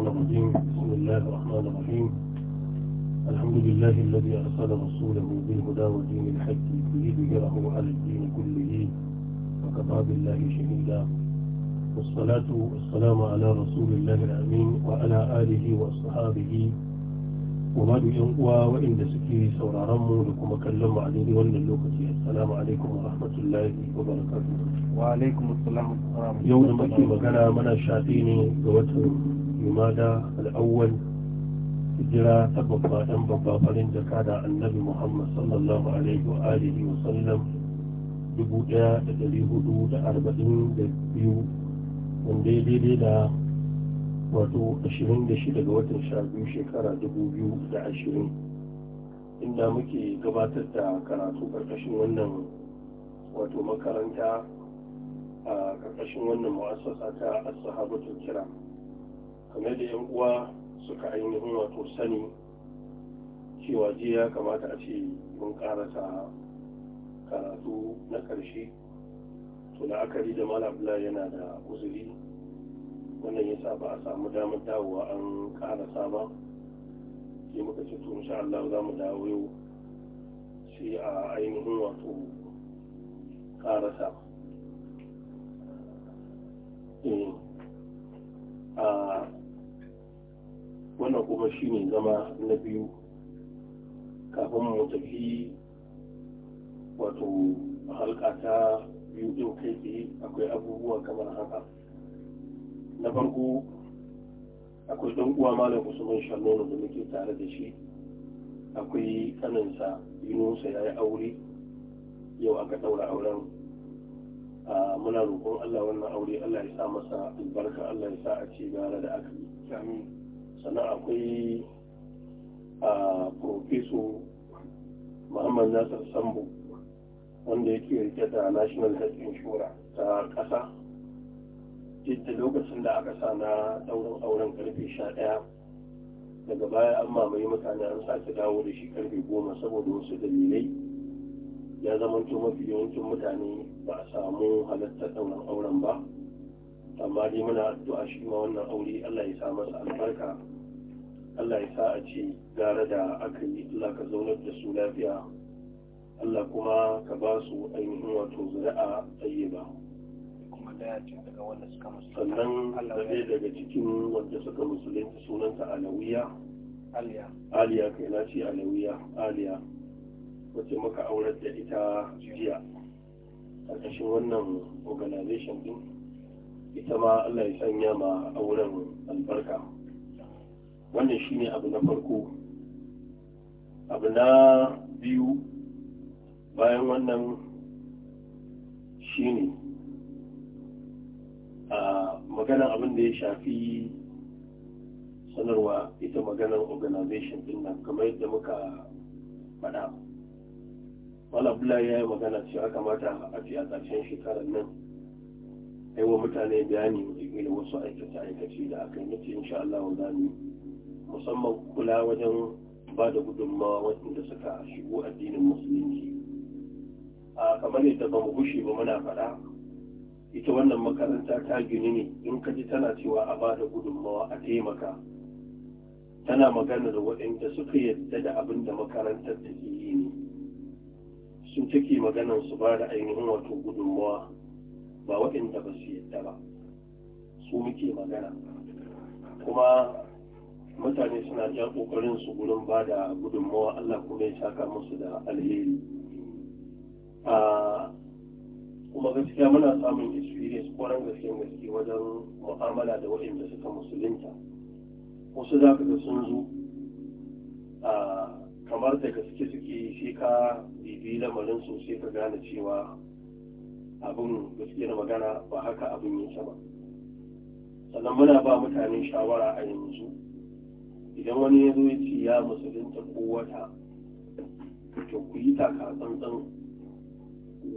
الرجيم بسم الله الرحمن الرحيم الحمد لله الذي أرسل رسوله بالهدى ودين الحق ليظهره على الدين كله وكفى بالله شهيدا والصلاة والسلام على رسول الله الأمين وعلى آله وأصحابه وما ينقوى وإن سكي سورا رمو لكم أكلم عليه ولا اللوكتي السلام عليكم ورحمة الله وبركاته وعليكم السلام ورحمة الله يوم مكي مكانا منا شاتيني دوتهم jumada al'awwal hijira ta babba dan babba farin jaka da annabi muhammad sallallahu alaihi wa alihi wa sallam dubu daya da dari hudu da arba'in da biyu wanda ya daidai da wato ashirin da shida ga watan sha biyu shekara dubu biyu da ashirin inda muke gabatar da karatu karkashin wannan wato makaranta a karkashin wannan mu'assasa ta as kira. kamar da yan uwa suka ainihin wato sani cewa jiya ya kamata a ce mun karasa karatu na ƙarshe to la'akari da malabla yana da uzuri wannan yasa ba a samu damar dawowa an karasa ba sai muka ce to insha Allah za mu dawo yau sai a ainihin wato karasa eh, a wannan kuma shi ne zama na biyu kafin mu tafi wato halka ta biyu ɗin kai tsaye akwai abubuwa kamar haka na farko akwai ɗan uwa malam usman shanonu da muke tare da shi akwai kaninsa yunusa ya yi aure yau aka ɗaura auren a muna roƙon allah wannan aure allah ya sa masa albarka allah ya sa a ce gara da aka yi sannan akwai a profeso muhammad nasir sambo wanda yake rike da national health insurance ta ƙasa jidda lokacin da aka sa na ɗaurin auren karfe sha ɗaya daga baya an mamaye mutane an sake dawo da shi karfe goma saboda wasu dalilai ya zamanto mafi yawancin mutane ba a samu halartar ɗaurin auren ba amma dai muna addu'a shi ma wannan aure Allah ya sa masa albarka Allah ya sa a ce gara da aka yi Allah ka zaunar da su lafiya Allah kuma ka ba su ainihin wato zuri'a ba. sannan zai daga cikin wanda suka musulunci sunanta alawiya aliya kai na ce alawiya aliya wacce maka aurar da ita jiya ƙarƙashin wannan organization din ita ma Allah ya sanya ma auren albarka wannan shi ne abu na farko abu na biyu bayan wannan shine a maganar abin da ya shafi sanarwa ita maganar organization din nan kamar yadda muka faɗa wala ya yi magana cewa kamata a ce a ƙarshen shekarar nan aiwa mutane bayani da wasu aikace-aikace da aka yi nace insha Allah za musamman kula wajen ba da gudunmawa waɗanda suka shigo addinin musulunci a kamar yadda ba mu gushe ba muna faɗa ita wannan makaranta ta gini ne in ka ji tana cewa a ba da gudunmawa a taimaka tana magana da waɗanda suka yadda da abin da makarantar ke yi ne sun take maganar su ba da ainihin wato gudunmawa ba waɗanda ba su yadda ba su muke magana kuma mutane suna jan kokarin su gurin ba da gudunmawa Allah kuma ya saka musu da alheri kuma gaskiya muna samun experience kwaran gaske gaske wajen mu'amala da waɗanda suka musulunta wasu za ka sun zo kamar da gaske suke sai ka bibi lamarin su sai ka gane cewa abin na magana ba haka abin yake ba sannan muna ba mutane shawara a yanzu idan wani ya zo ya ce ya musulunta ko wata to ku yi taka tsantsan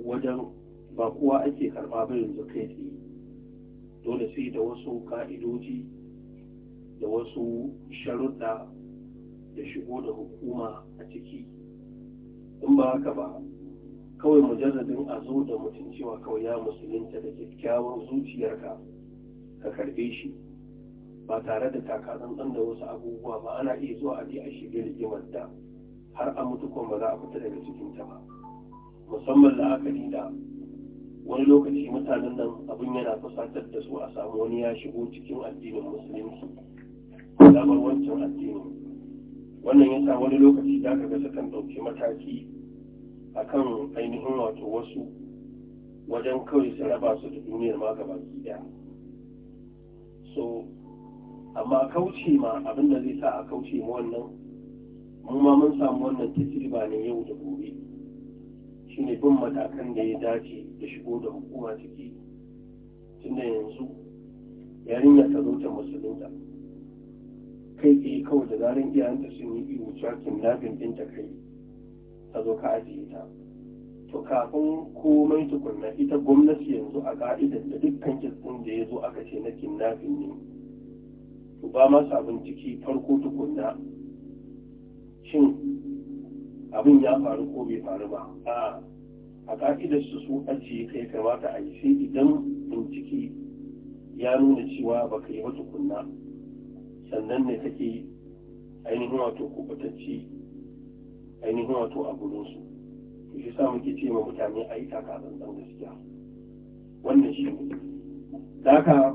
wajen ba kowa ake karɓa ba yanzu kai tsaye dole sai da wasu ka'idoji da wasu sharuɗa da shigo da hukuma a ciki in ba haka ba kawai mujarradin a zo da mutum cewa kawai ya musulunta da kyakkyawar zuciyarka ka karbe shi ba tare da taka takatsantsan da wasu abubuwa ba ana iya zuwa a je a shige rigimar da har a mutu ba za a fita daga cikin ta ba musamman la'akari da wani lokaci mutanen nan abin yana fusatar da su a samu wani ya shigo cikin addinin musulunci damar wancan addini wannan yasa wani lokaci da aka ga sukan ɗauki mataki a kan ainihin wato wasu wajen kawai su raba su da duniyar ma gaba ɗaya so amma kauce ma abin da zai sa a kauce ma wannan Mun ma mun samu wannan tajriba ne yau da gobe shine bin matakan da ya dace da shigo da hukuma ciki tunda yanzu yarinya ta zo ta musulunta kai yi kawai da zaran iyayenta sun yi iyo cakin labin ɗinta kai ta zo ka ajiye ta to kafin komai tukunna ita gwamnati yanzu a ka'idar da dukkan kisan da ya zo aka ce na kidnapping ne to ba abin ciki farko tukunna shin abin ya faru ko bai faru ba a a ka'idar su su ajiye kai kamata a yi sai idan binciki ya nuna cewa ba ka yi ba tukunna sannan ne take ainihin wato kubatacci ainihin wato a gurinsu shi sa muke ce ma mutane a yi taka sansan gaskiya wannan shi ne ka.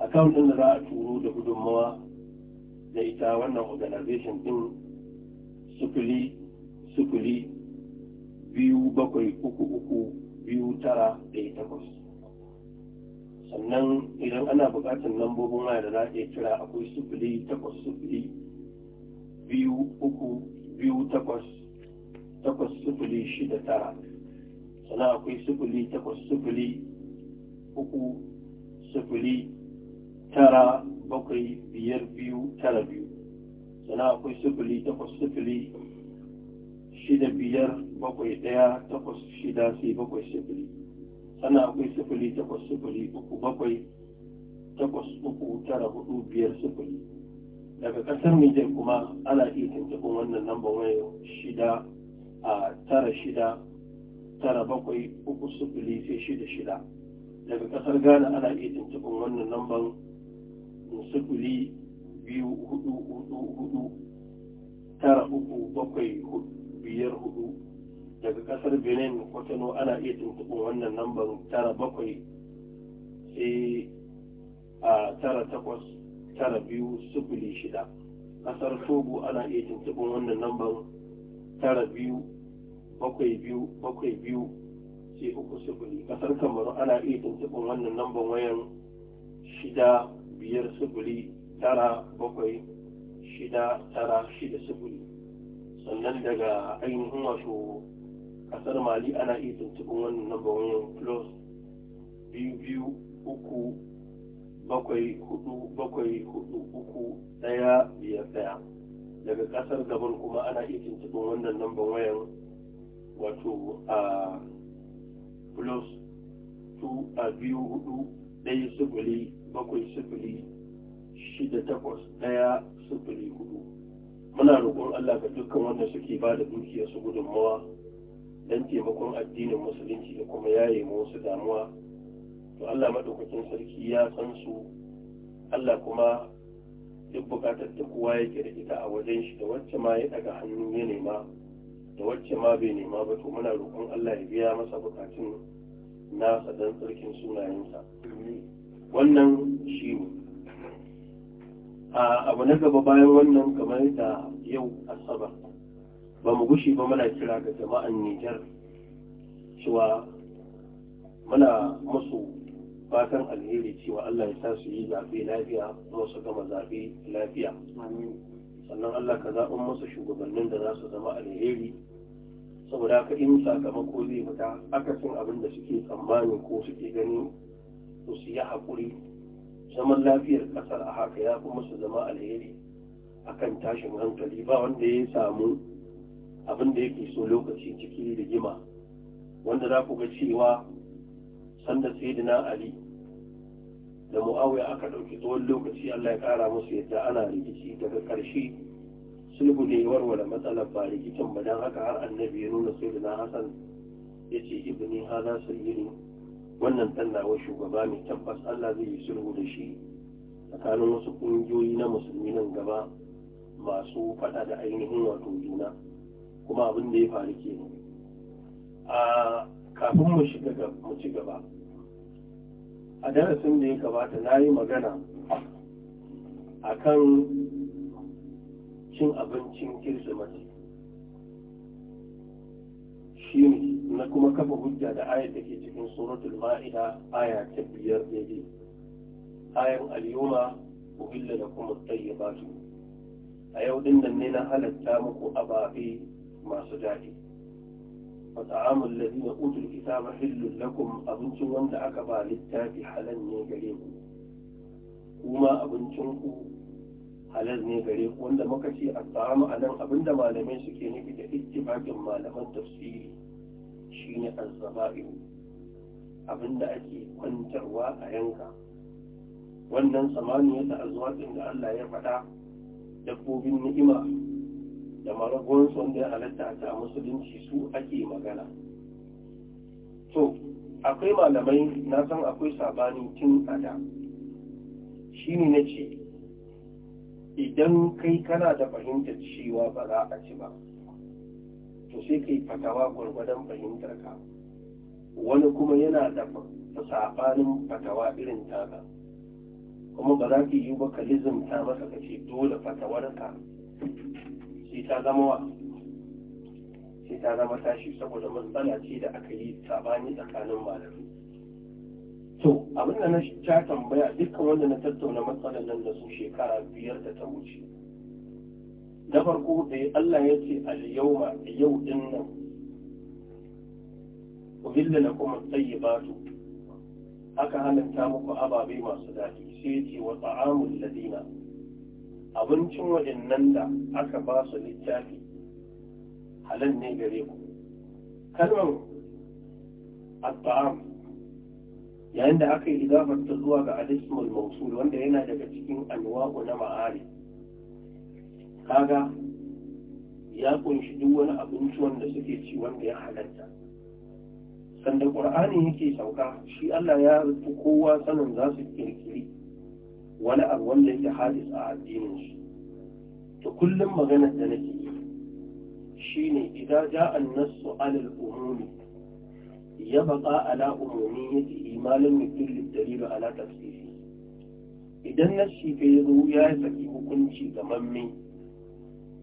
account ɗin da za a turo da gudunmawa da ita wannan organization ɗin sufuli sufuli biyu bakwai uku uku biyu tara ɗaya takwas sannan idan ana buƙatar lambobin waya da za a iya kira akwai sufuli takwas sufuli biyu uku biyu takwas takwas sufuli shida tara sannan akwai sufuli takwas sufuli uku sufuli tara bakwai biyar biyu tara biyu sannan akwai sifili takwas sifili shida biyar bakwai ɗaya takwas shida sai bakwai sifili sannan akwai sifili takwas sifili uku bakwai takwas uku tara hudu biyar sifili daga ƙasar Nijar kuma ana iya tuntuɓin wannan lambar wayar shida a tara shida tara bakwai uku sifili sai shida shida daga ƙasar Ghana ana iya tuntuɓin wannan lambar sufuri biyu hudu hudu hudu tara uku bakwai biyar hudu daga kasar benin kwatano ana iya tuntuɓin wannan lambar tara bakwai sai a tara takwas tara biyu sufuri shida kasar togo ana iya tuntuɓin wannan lambar tara biyu bakwai biyu bakwai biyu sai uku sufuri kasar kamaru ana iya tuntuɓin wannan lambar wayan shida biyar sufuri tara bakwai shida tara shida sufuri sannan daga ainihin wato kasar mali ana iya tuntuɓin wannan namba wayan plus biyu biyu uku bakwai hudu bakwai hudu uku ɗaya biyar ɗaya daga kasar gaban kuma ana iya tuntuɓin wannan namba wayan wato a ah, plus 2 a ah, biyu hudu ɗaya sifili bakwai sifili shida takwas ɗaya sifili hudu muna roƙon Allah ga dukkan wanda suke ba da dukiya su gudunmawa don taimakon addinin musulunci da kuma yaye wasu damuwa to Allah maɗaukakin sarki ya san su Allah kuma duk buƙatar da kowa ya da ita a wajen shi da wacce ma ya ɗaga hannu ya nema da wacce ma bai nema ba to muna roƙon Allah ya biya masa buƙatun Na don tsarkin sunayensa wannan shi ne abu na gaba bayan wannan kamar da yau asabar ba mu gushi ba muna kira ga jama'an nijar cewa muna masu fatan alheri cewa allah ya sa su yi zaɓe lafiya kuma su gama zaɓe lafiya sannan allah ka zaɓin musu shugabannin da za su zama alheri saboda ka in sakamako zai fita akasin abin da suke tsammani ko suke gani to su yi haƙuri zaman lafiyar ƙasar a haka ya kuma su zama alheri akan tashin hankali ba wanda ya samu abin da yake so lokaci ciki da gima wanda za ku ga cewa sanda saidina ali da mu'awiya aka ɗauki tsawon lokaci allah ya ƙara musu yadda ana rikici daga ƙarshe sulhu ne warware matsalar ba rikicin ba don haka har annabi ya nuna sai na hasan ya ce su yi sayyidi wannan tallawa shugaba mai tabbas allah zai yi sulhu da shi tsakanin wasu ƙungiyoyi na musulmi nan gaba masu faɗa da ainihin wato juna kuma abin da ya faru ke a kafin mu shiga mu ci gaba a darasin da ya gabata na yi magana akan cin abincin kirsimati shi ne na kuma kafa hujja da ayar da ke cikin suratul ma'ida aya ta biyar daidai ayan al-yawma uhilla lakum at a yau din nan ne na halatta muku ababe masu daɗi fata'amul ladina utul kitaba hillul lakum abincin wanda aka ba littafi halan ne gare ku kuma abincin ku halal ne gare ku wanda muka ce a samu a nan abinda malamai suke nufi da ittifaqin malaman tafsiri shine abin abinda ake kwantarwa a yanka wannan ya da azwatin da Allah ya faɗa dabbobin ni'ima da maragonsu wanda ya halatta ta musulunci su ake magana to akwai malamai na san akwai sabani tun a da shi ne na ce idan kai kana da fahimtar cewa ba za a ci ba to sai kai fatawa gwargwadon fahimtar ka wani kuma yana da sabanin fatawa irin taka kuma ba za ka yi ba ka lizimta masa ka ce dole fatawar ka sai ta zama wa sai ta zama tashi saboda matsala ce da aka yi saɓani tsakanin malamai to abin da na ta tambaya dukkan wanda na tattauna matsalar nan da su shekara biyar da ta wuce na farko da Allah ya ce al-yawma yau din nan kuma lakum at-tayyibatu aka halatta muku ababe masu daɗi sai ya ce wa ta'amul ladina abincin waɗannan da aka ba su littafi halal ne gare ku kalmar at yayin da aka yi idafar ta zuwa ga alismul mausul wanda yana daga cikin anwa'u na ma'ari kaga ya kunshi duk wani abinci wanda suke ci wanda ya halatta sanda ƙur'ani yake sauka shi Allah ya rufe kowa sanin za su kirkiri wani abu wanda yake hadis a addinin shi to kullum maganar da nake yi shine idan ja an nasu alal umumi يبقى على أموميته ما لم يدل الدليل على تفسيره idan nassi ka yi zo ya saki hukunci ga mamme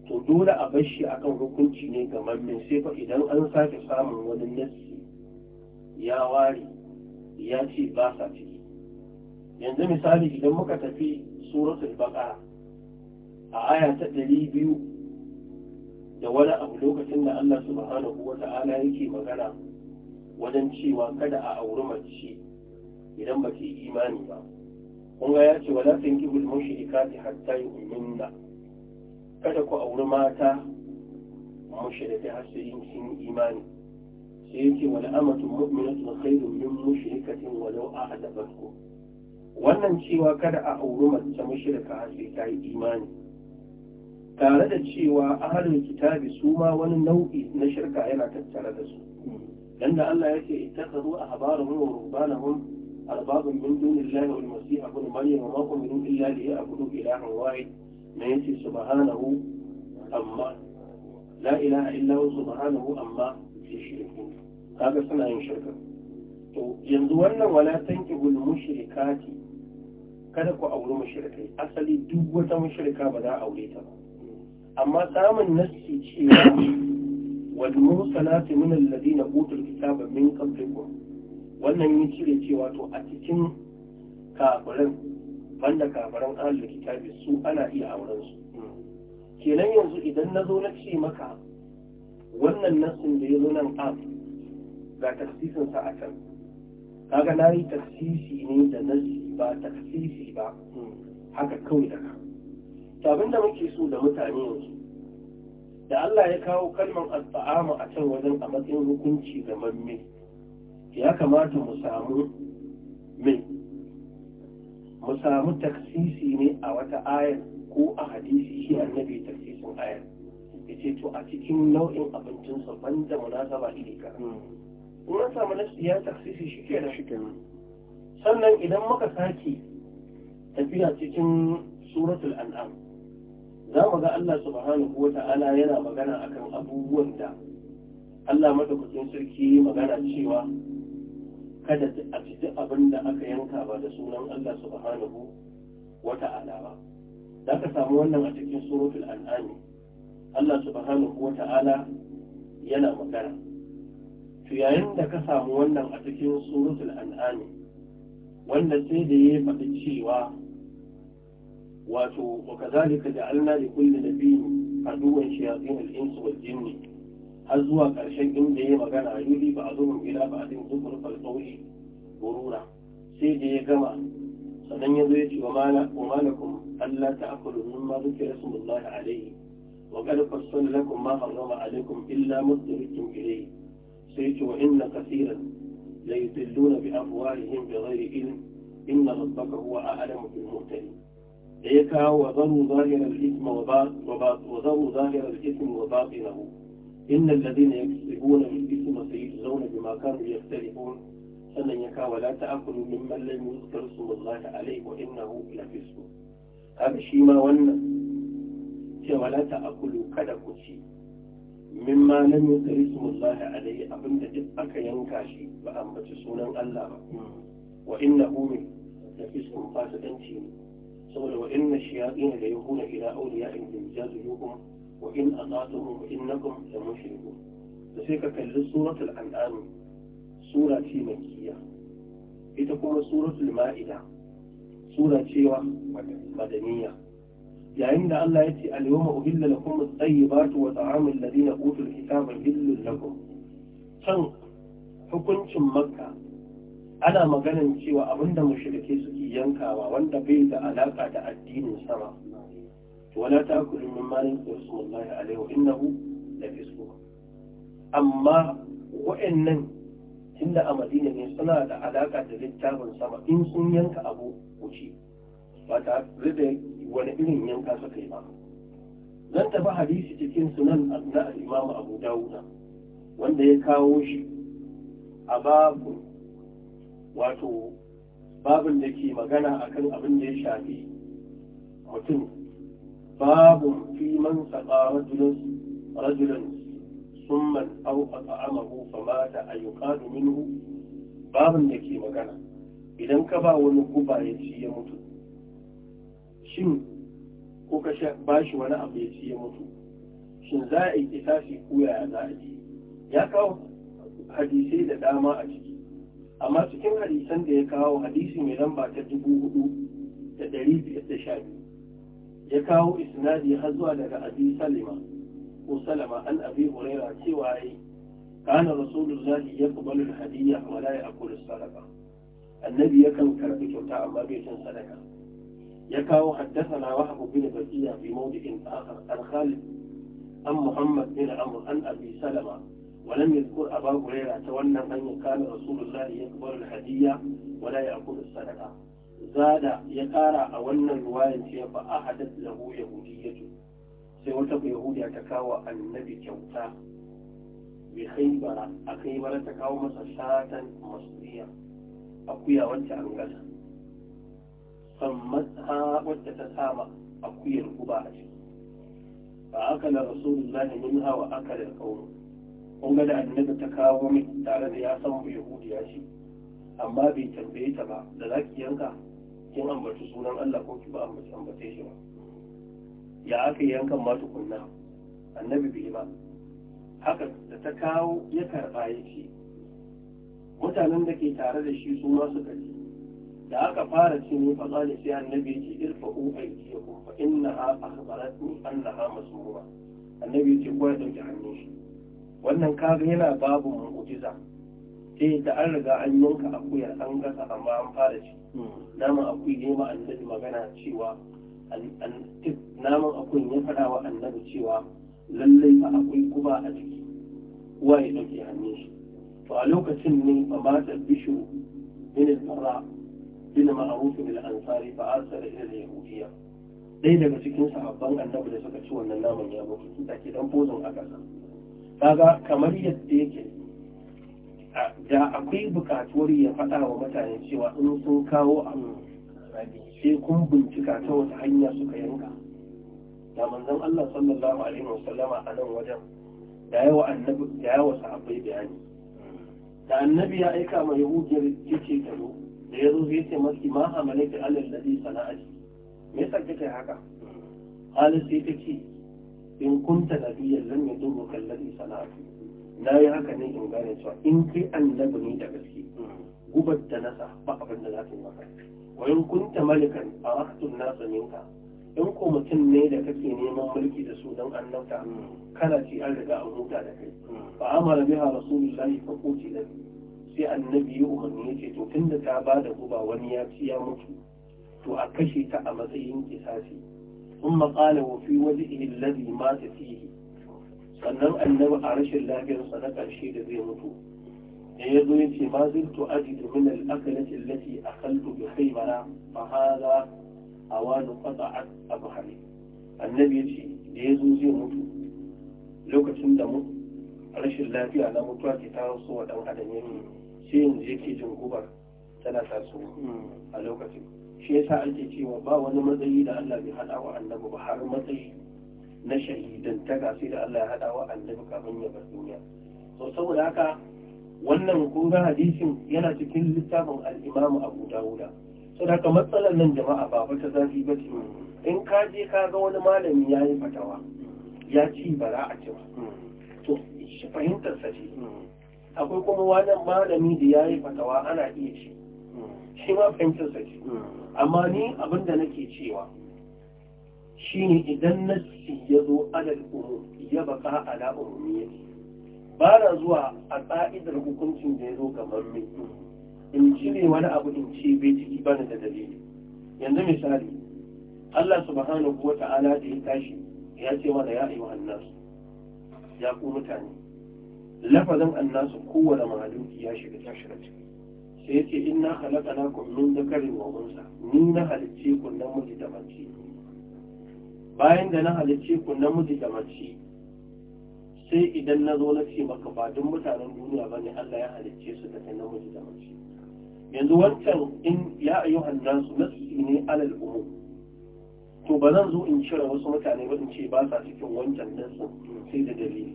to dole a bar shi akan hukunci ne ga mamme sai fa idan an sake samun wani nassi ya ware ya ce ba ciki yanzu misali idan muka tafi suratul baqara a aya ta ɗari biyu da wani abu lokacin da Allah subhanahu wa ta'ala yake magana wajen cewa kada a auri mace idan ba ke imani ba kun ga ya ce wa za ta yi ki bulmun ta hatta yi na kada ku auri mata da ta sai yin sun imani sai yake wani amatu mu'minatu khairun wa mushrikatin walau a'adabatku wannan cewa kada a auri mace mushrika har sai ta yi imani tare da cewa ahlul kitabi su ma wani nau'i na shirka yana tattare da su dan da Allah yake ittakhadhu ahbarahum wa rubbanahum arbabun min dunillahi wal masih ibn maryam wa ma umiru illa liya'budu ilahan wahid ne yace subhanahu amma la ilaha illa huwa subhanahu amma yushrikun kaga suna yin shirka yanzu wannan wala kada ku auri mushrikai asali duk wata mushrika ba za a aure ta ba amma samun nassi cewa والمرسلات من الذين أوتوا الكتاب Min قبلكم wannan yi cire cewa to a cikin kafirin banda kafirin ahlul kitabi su ana iya auren su kenan yanzu idan na zo na ce maka wannan nasin da ya zo nan am ga tafsirin sa a can kaga na yi tafsisi ne da nasi ba tafsisi ba haka kawai daga abin da muke so da mutane yanzu da Allah ya kawo kalmar alfa'ama a can wajen a matsayin hukunci ga mamme ya kamata mu samu mai mu samu taksisi ne a wata ayar ko a hadisi shi annabi taksisin ayar ya ce to a cikin nau'in abincinsa banda munasaba iri ka hmm. in an samu nasi ya taksisi shi ke da shi sannan idan muka sake tafiya cikin suratul an'am za mu ga Allah subhanahu wa ta'ala yana magana akan abubuwan da Allah madaukakin sarki magana cewa kada a ci duk abin da aka yanka ba da sunan Allah subhanahu wa ta'ala ba za ka samu wannan a cikin suratul an'am Allah subhanahu wa ta'ala yana magana to yayin da ka samu wannan a cikin suratul an'am wanda sai da ya faɗi cewa وكذلك جعلنا لكل نبي عدوا شياطين الانس والجن هزوا زوا قرشي ان دي مغانا بعضهم الى بعض كفر فالقول غرورا سيدي كما سنن يزيد وما وما لكم الا تاكلوا مما ذكر اسم الله عليه وقد فصل لكم ما حرم عليكم الا ما اضطرتم اليه سيدي وان كثيرا ليدلون بافواههم بغير علم ان ربك هو اعلم بالمهتدين عيكا وظلوا ظاهر الإثم ظاهر الإثم وباطنه إن الذين يكسبون الإثم سيجزون بما كانوا يختلفون أن يكا ولا تأكلوا ممن لم يذكر اسم الله عليه وإنه لفسق هذا شيء ما ون ولا تأكلوا كذا كشي مما لم يذكر اسم الله عليه أبن تجد أكا ينكاشي وأنبت سنن الله وإنه من لفسق فاسدين saboda wa inna shayatin da yuhuna ila awliya'in min jazuhum wa in ata'tuhum innakum la mushrikun da sai ka kalli suratul an'am sura ce makkiya ita kuma suratul ma'ida sura cewa madaniya yayin da Allah ya ce al-yawma uhilla lakum at-tayyibatu wa ta'amu alladhina utul kitaba hillun lakum can hukuncin makka ana maganin cewa abinda mushrike suke yankawa wanda bai da alaka da addinin sama wala ta'kulu mimma lam yusmullahi alaihi innahu la fisku amma wa'annan tunda a Madina ne suna da alaka da littafin sama in sun yanka abu wuce ba ta da wani irin yanka suka yi ba zan tafi hadisi cikin sunan na imam abu dawuda wanda ya kawo shi a babu wato babin da ke magana akan abin da ya shafi mutum babu fi man saƙa rajulan summan au at'amahu fa mata ayyukadu minhu babin da ke magana idan ka ba wani guba ya ci ya mutu shin ko ka ba shi wani abu ya ci ya mutu shin za a yi kisasi ko ya za a ya kawo hadisai da dama a ciki amma cikin hadisan da ya kawo hadisi mai lamba ta dubu hudu ya kawo isnadi har zuwa daga abi salima ko salama an abi huraira cewa ya yi kana rasulun zahi ya kubalin hadiyya a malaya a kudu sadaka annabi yakan kan karfi kyauta amma bai cin sadaka ya kawo haddasa wa abu bin bakiya fi maudikin akhar khalid an muhammad bin amr an salama ولم يذكر أبا هريرة تولى أن كان رسول الله يكبر الهدية ولا يأكل الصدقة زاد يقارى أولنا الرواية فأحدث له يهودية سيوتك يهودية تكاوى النبي كوتا بخيبرة أخيبرة تكاوى مسشاة مصرية أقويا وانت أنجل أنجلها وانت تسامى أقويا الكبارة فأكل رسول الله منها وأكل القوم kun ga da annabi ta kawo min tare da ya san yahudiya ce amma bai tambaye ta ba da za ki yanka kin ambaci sunan Allah ko ki ba ambaci ambace shi ba ya aka yanka ma tukunna annabi bai ba haka da ta kawo ya karɓa ya ce mutanen da ke tare da shi su ma suka ji da aka fara ce ne fa zali sai annabi ce irfa'u aydiyakum fa innaha akhbaratni annaha masmuma annabi ce ko ya dauki hannun shi wannan kaga yana babu mu'jiza sai eh, da an riga an yanka akuya an gasa amma an fara ci naman akuyi ne ma annabi magana cewa naman akuyi ya faɗa wa annabi cewa lallai fa akwai guba a jiki uwa ya ɗauke hannu shi to a lokacin ne ba ma ta bishu min al-bara bin ma'ruf bil ansari fa arsala ila al-yahudiyya ɗaya daga cikin sahabban annabi da suka ci wannan naman ya mutu da ke dan bozon a ƙasa kaga kamar yadda yake da akwai bukatuwar ya faɗa wa mutane cewa in sun kawo abu sai kun bincika ta wata hanya suka yanka da manzon Allah sallallahu alaihi wasallama a nan wajen da yawa annabi da yawa sahabbai bayani da annabi ya aika ma yahudiyar yace ta zo da yazo zai ce maki ma amalaka alal ladhi sana'ati me yasa kika haka halin sai ta in kunta nabiyyan lam yadurruka alladhi sana'tu na yi haka ne in gane cewa in kai annabi ne da gaske gubar da nasa ba abin da za ta yi maka wa in kunta malikan arahtun nasa minka in ko mutum ne da kake neman mulki da su don annabta kana ci an riga an huta da kai fa amara biha rasulullahi fa ce da sai annabi ya umarni ya ce to tunda ta ba da guba wani ya ci ya mutu to a kashe ta a matsayin kisasi ثم قال وفي وجهه الذي مات فيه sannan annabi a rashin lafiyarsa na ƙarshe da zai mutu da ya zo ya ce ma ziltu ajidu min al-akalati allati akaltu bi khaymara fa hadha awanu qata'at abhari annabi ya ce da ya zo zai mutu lokacin da mu rashin lafiya na mutuwa ke ta so wa dan adam yayi sai yanzu yake jin gubar tana tasowa a lokacin shi yasa ake cewa ba wani matsayi da Allah bai hada wa annabi ba har matsayi na shahidan ta gasi da Allah ya hada wa annabi kafin ya bar duniya to saboda haka wannan kunga hadisin yana cikin littafin al-Imam Abu Dawud saboda haka matsalar nan jama'a ba wata zafi ba ce in ka je ka ga wani malami ya yi fatawa ya ci bara a ci ba shi fahimtar sa ce akwai kuma wani malami da ya yi fatawa ana iya ci shi ma fahimtar sa ce amma ni abin da nake cewa shine idan nassi ya zo adal umum ya baka ala umumiyyati ba na zuwa a ƙa'idar hukuncin da ya zo kamar mai in ne wani abu in ce bai ciki bana da dalili yanzu misali Allah subhanahu wa ta'ala da ya tashi ya ce mana ya ayyuhan annasu ya ku mutane lafazin annasu kowane mahaluki ya shiga tashirar ciki sai ce in na halatta khalaqnakum min dhakarin wa unsa ni na halicce ku namiji da mace bayan da na halicce ku namiji da mace sai idan na zo na ce maka ba duk mutanen duniya bane Allah ya halicce su daga namiji da mace yanzu wancan in ya ayyuhan nasu nasi ne alal umum to ba zan zo in cire wasu mutane ba in ce ba sa cikin wancan dinsu sai da dalili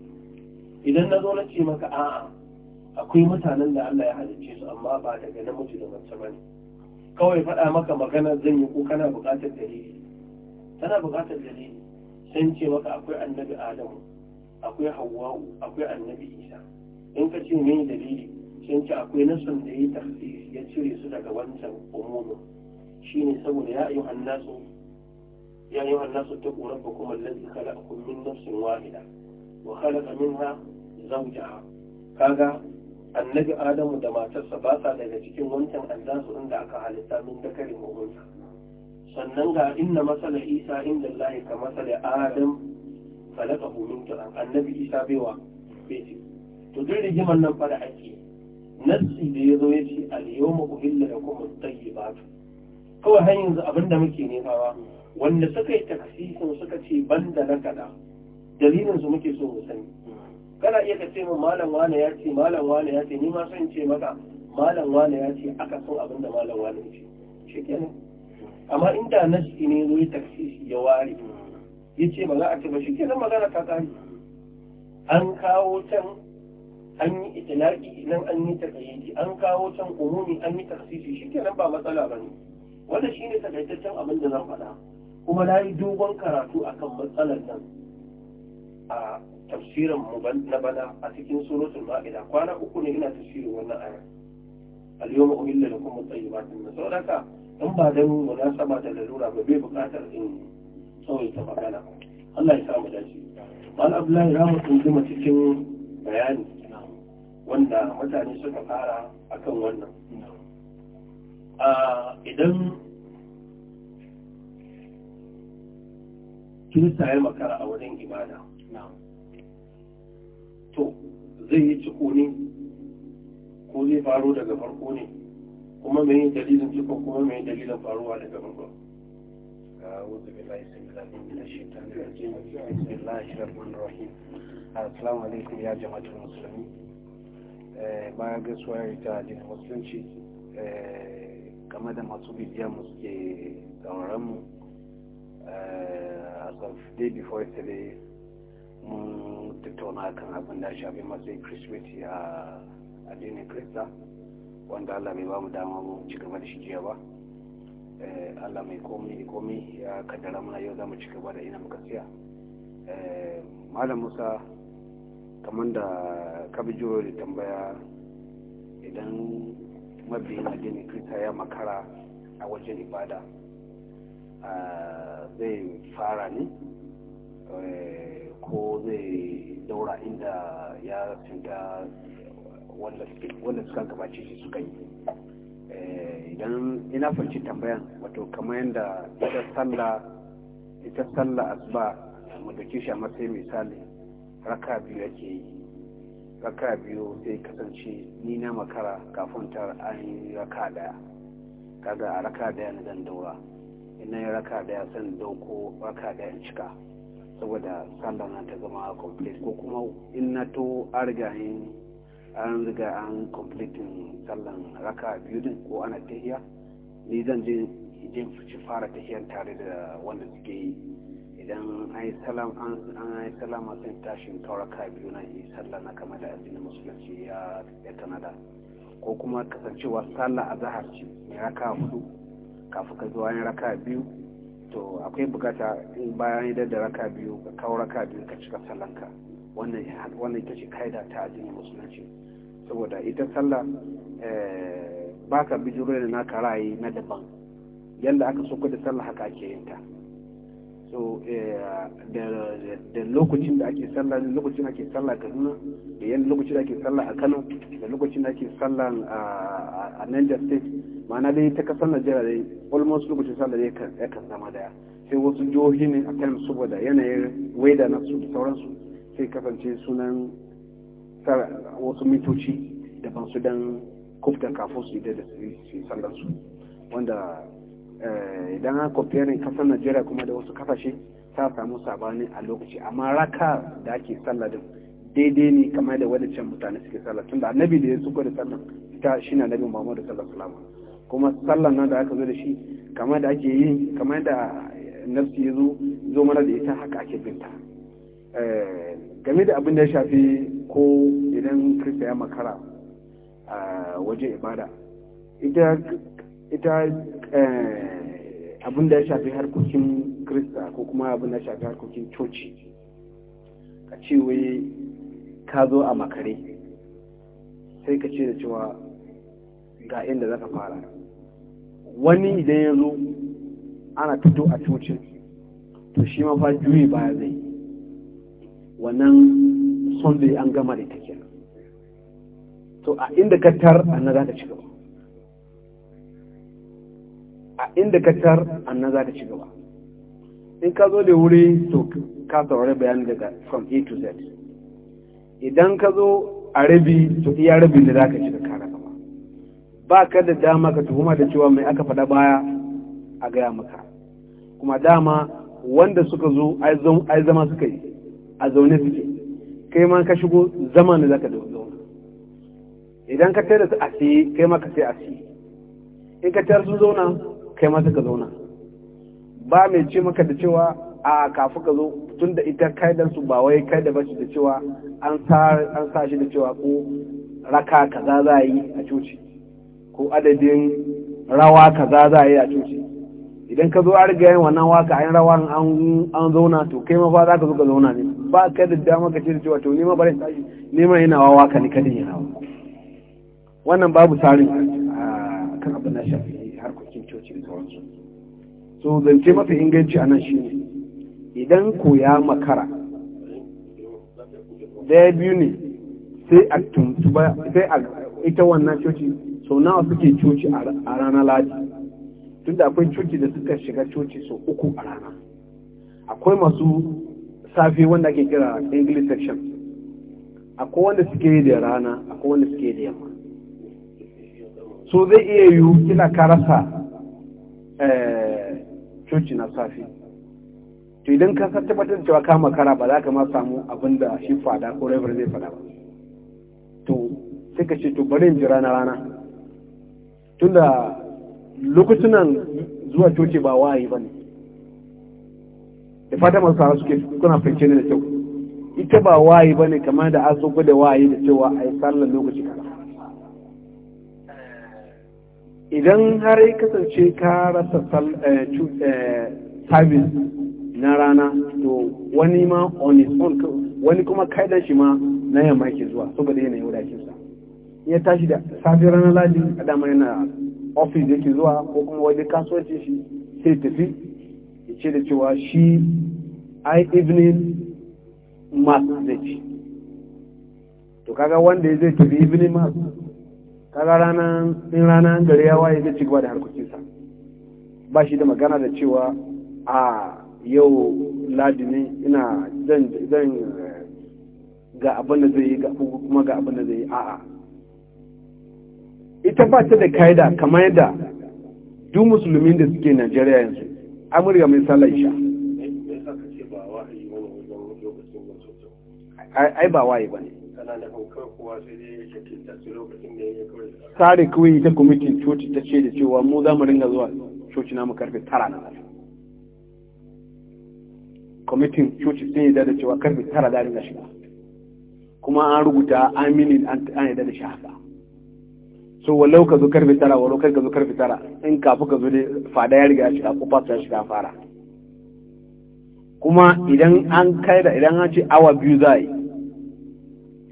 idan na zo na ce maka a'a akwai mutanen da Allah ya halicce su amma ba daga namiji da mace ba ne kawai faɗa maka magana zan yi ko kana buƙatar dalili tana buƙatar dalili san ce maka akwai annabi adamu akwai hawwa'u akwai annabi isa in ka ce me dalili sun ce akwai nasan da ya tafi tafsiri ya cire su daga wancan umuru shine saboda ya yi annasu يا أيها kuma اتقوا ربكم الذي خلقكم nafsin wahida wa وخلق منها زوجها kaga. annabi adamu da matarsa ba sa daga cikin wancan annasu inda aka halitta min da kare mu'unsa sannan ga inna masala isa inda lahi ka masala adam falakahu min turan annabi isa baiwa bai to duk rigimar nan fara ake nassi da ya zo ya ce al-yawma uhilla lakum at-tayyibatu kawai har yanzu abinda muke nemawa wanda suka yi taksisin suka ce banda na kada dalilin su muke so mu sani kana iya ka ce min malam wane ya ce malam wane ya ce ni ma san ce maka malam wane ya ce aka san abin da malam wane ya ce shi kenan amma in da na shi ne taksi shi ya ware ya ce ba za a ce ba shi kenan magana ta kare an kawo can an yi itilaki nan an yi takayyaki an kawo can umumi an yi taksisi shi kenan ba matsala ba ne wanda shi ne takaitaccen abin da zan faɗa kuma na yi dogon karatu akan matsalar nan a tafsirin mu na bana a cikin suratul ma'ida kwana uku ne ina tafsirin wannan aya al-yawma uhilla lakum at-tayyibatun min sadaka in ba dan munasaba da lalura ba bai bukatar in ta magana Allah ya samu dace mal abdullahi ramu tsunduma cikin bayani wanda mutane suka fara akan wannan idan kirista ya makara a wajen ibada to zai yi ciko ne ko zai faro daga farko ne kuma mai dalilin ciko kuma mai dalilin faruwa daga farko أعوذ baya gaisuwa ya eh, ta musulunci eh, game da masu bibiya mu suke sauraron mu eh, as day before yesterday mun tattauna kan abin da shafi matsayin christmas a addinin kirista wanda allah bai ba mu dama mu ci gaba da shi jiya ba eh, allah mai komi komi ya kaddara mana yau za mu ci gaba da ina muka siya eh, malam musa kamar da kabijo da tambaya idan mabiyin addinin kirista ya makara a wajen ibada ah, zai fara ne ko zai daura inda ya shiga wanda suka gabace shi suka yi eh, idan ina farci tambayan wato kamar yadda ita sallah ita ba asuba mu dauke shi a matsayin misali raka biyu yake yi raka biyu zai kasance ni na makara kafin ta an yi raka daya kaga a raka daya na zan daura ina yi raka daya san dauko raka daya cika saboda sallah na ta zama complete ko kuma in na to an riga an riga an completing sallan raka biyu din ko ana tahiya ni zan je idan ci fara tahiyan tare da wanda suke yi idan an yi salam an yi salama sun tashin ta raka biyu na yi sallah na kama da addinin musulunci ya tanada ko kuma kasancewa sallah a zahar ce mai raka hudu kafin ka zuwa yin raka biyu to akwai bukata in bayan idan da raka biyu ka kawo raka biyu ka cika sallanka wannan wannan ita ce kaida ta addinin musulunci saboda ita sallah eh, baka bijiro da naka ra'ayi na daban yadda aka so da sallah haka ake yin ta so eh, da lokacin da ake sallah da lokacin da ake sallah a kaduna da yadda lokacin da ake sallah a kano da lokacin da ake sallah a niger state ma'ana dai ta kasar najeriya dai almost lokacin sallah dai yakan zama daya sai wasu jihohi ne a kan saboda yanayin waida na su da sauransu sai kasance sunan wasu mitoci ban su dan kufta kafin su yi da su sallar su wanda Eh, idan an comparing kasar najeriya kuma da wasu kasashe ta samu sabani a lokaci amma raka da ake sallah din daidai ne kamar da wadancan mutane suke sallah tun da annabi da ya suko da sallah ita shi na nabi muhammadu sallallahu alaihi wasallam kuma sallah nan da aka zo da shi kamar da ake yi kamar da eh, nafsi ya zo zo da ita haka ake binta eh, game da abin da ya shafi ko idan kirista ya makara waje ibada ita ita eh, abin da ya shafi harkokin krista ko kuma abin da ya shafi harkokin coci ka ce wai ka zo a makare sai ka ce da cewa ga inda za ka fara wani idan ya zo ana fito a coci to shi ma fa juyi baya zai wannan sunday an gama da take to a inda ka tar na za ka ci gaba a inda ka tar annan za ka ci gaba in ka zo da wuri to ka saurari bayan daga from a to z idan ka zo a rabi to iya rabin da za ka ci da kara gaba ba ka da dama ka tuhuma da cewa mai aka faɗa baya a gaya maka kuma dama wanda suka zo ai zama suka yi a zaune suke kai ma ka shigo zama ne za ka zauna idan ka tare da su a siye kai ma ka sai a siye in ka tare su zauna kai ma suka zauna ba mai ce maka da cewa a kafu ka zo tun da ita kaidansu ba wai kaida ba da cewa an sa shi da cewa ko raka kaza za a yi a coci ko adadin rawa kaza za a yi a coci idan ka zo a riga yin wannan waka an rawa an zauna to kai ma fa za ka zo ka zauna ne ba ka da dama ka ce da cewa to nema ta tashi nema yana wa waka ne kadin yana wannan babu tsarin a ah, kan abin na shafi so zance mafi inganci a nan shi ne idan ku ya makara daya biyu ne sai a ba sai a ita wannan coci sau nawa suke coci a rana ladi tunda akwai coci da suka shiga coci sau uku a rana akwai masu safe wanda ake kira english section akwai wanda suke da rana akwai wanda suke da yamma so zai iya yiwu kila ka eh, coci na safe to idan ka san tabbatar cewa ka makara ba za ka ma samu abin da shi fada ko rever zai fada ba to sai ka ce to bari in jira na rana tunda nan zuwa coci ba wayi ba ne da fata masu tsara suke kuna fahimce ne da kyau ita ba wayi ba ne kamar da so da wayi da cewa a yi sallar lokaci kaza idan har ya kasance ka rasa sabis eh, eh, na rana to wani ma on his own wani kuma kaidan shi ma na yamma ke zuwa saboda yanayin wadakinsa ya tashi da safiyar ranar ladi a dama yana ofis yake zuwa ko kuma wani kasuwanci shi sai tafi ya ce da cewa shi i evening mass zai ci to kaga wanda ya zai tafi evening mass kaga ranar in ranar gari ya waye zai cigaba gaba da harkokinsa ba shi da magana da cewa a yau ladi ne ina zan zan, ga abin da zai yi ga kuma ga abin da zai yi a'a ita ba ta da kaida kamar yadda duk musulmin da suke Najeriya yanzu Amurka mai sallar isha ai ba waye ba ne sare kawai ita kwamitin coci ta ce da cewa mu za mu ringa zuwa coci na karfe tara na zafi kwamitin coci sun yi da cewa karfe tara da ringa shiga kuma an rubuta aminin an yi da shi haka so wallau ka zo karfe tara wallau kai ka zo karfe tara in kafu ka zo da fada ya riga ya shiga ko fasa ya shiga fara kuma idan an kai da idan an ce awa biyu za a yi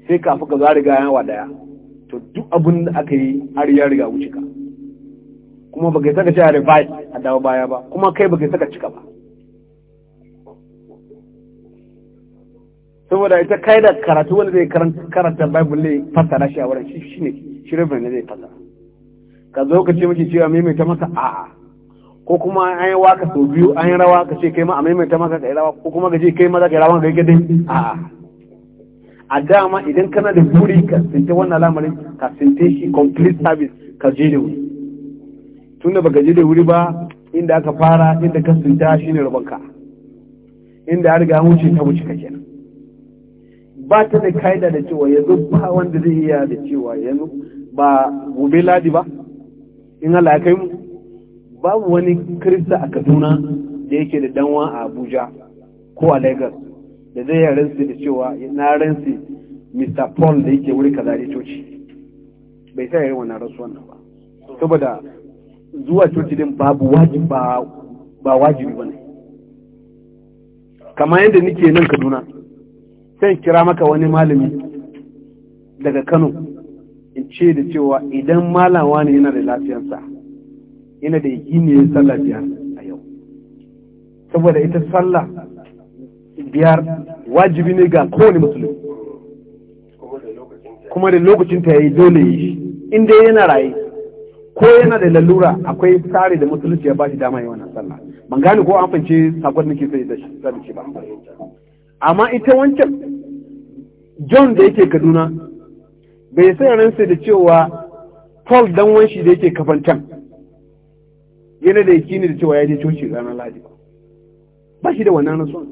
sai ka fuka za riga yawa daya to duk abin da aka yi har ya riga wuce ka kuma baka saka cewa revise a dawo baya ba kuma kai baka saka cika ba saboda ita kai da karatu wanda zai karanta bible ne fassara shi a wurin shi shine shi reverend ne zai fassara ka zo ka ce miki cewa maimaita maka a'a ko kuma an yi waka sau biyu an yi rawa ka ce kai ma a maimaita maka ka yi rawa ko kuma ka ce kai ma za ka yi rawa ka yi gadin a'a a dama idan kana da buri ka sinte wannan lamarin ka sinte shi complete service ka je da wuri tunda baka je da wuri ba inda aka fara inda ka sinta shine rubanka inda ya riga wuce ta wuce kake ba ta da kaida da cewa yanzu ba wanda zai iya da cewa yanzu ba gobe ladi ba in Allah ya kai mu babu wani kirista a Kaduna da yake da danwa a Abuja ko a Lagos da zai yi rantsi da cewa na rantsi Mr. Paul da yake wuri kaza da coci bai sa irin wannan nan ba saboda zuwa coci din babu wajibi ba ba wajibi bane kamar yadda nake nan Kaduna sai kira maka wani malami daga Kano in ce da cewa idan malawa ne yana da lafiyarsa yana da yi ne sallah biyar a yau saboda ita sallah biyar wajibi ne ga kowane musulmi kuma da lokacin ta yayi dole yi in dai yana raye ko yana da lalura akwai tsari da musulunci ya ba shi dama yi wannan sallah ban gane ko an fance sakon nake sai da shi ba amma ita wancan John da yake Kaduna bai sai da cewa Paul dan wanshi da yake kafantan yana da yakini da cewa ya je coci ranar Ladi ba shi da wannan nasuwa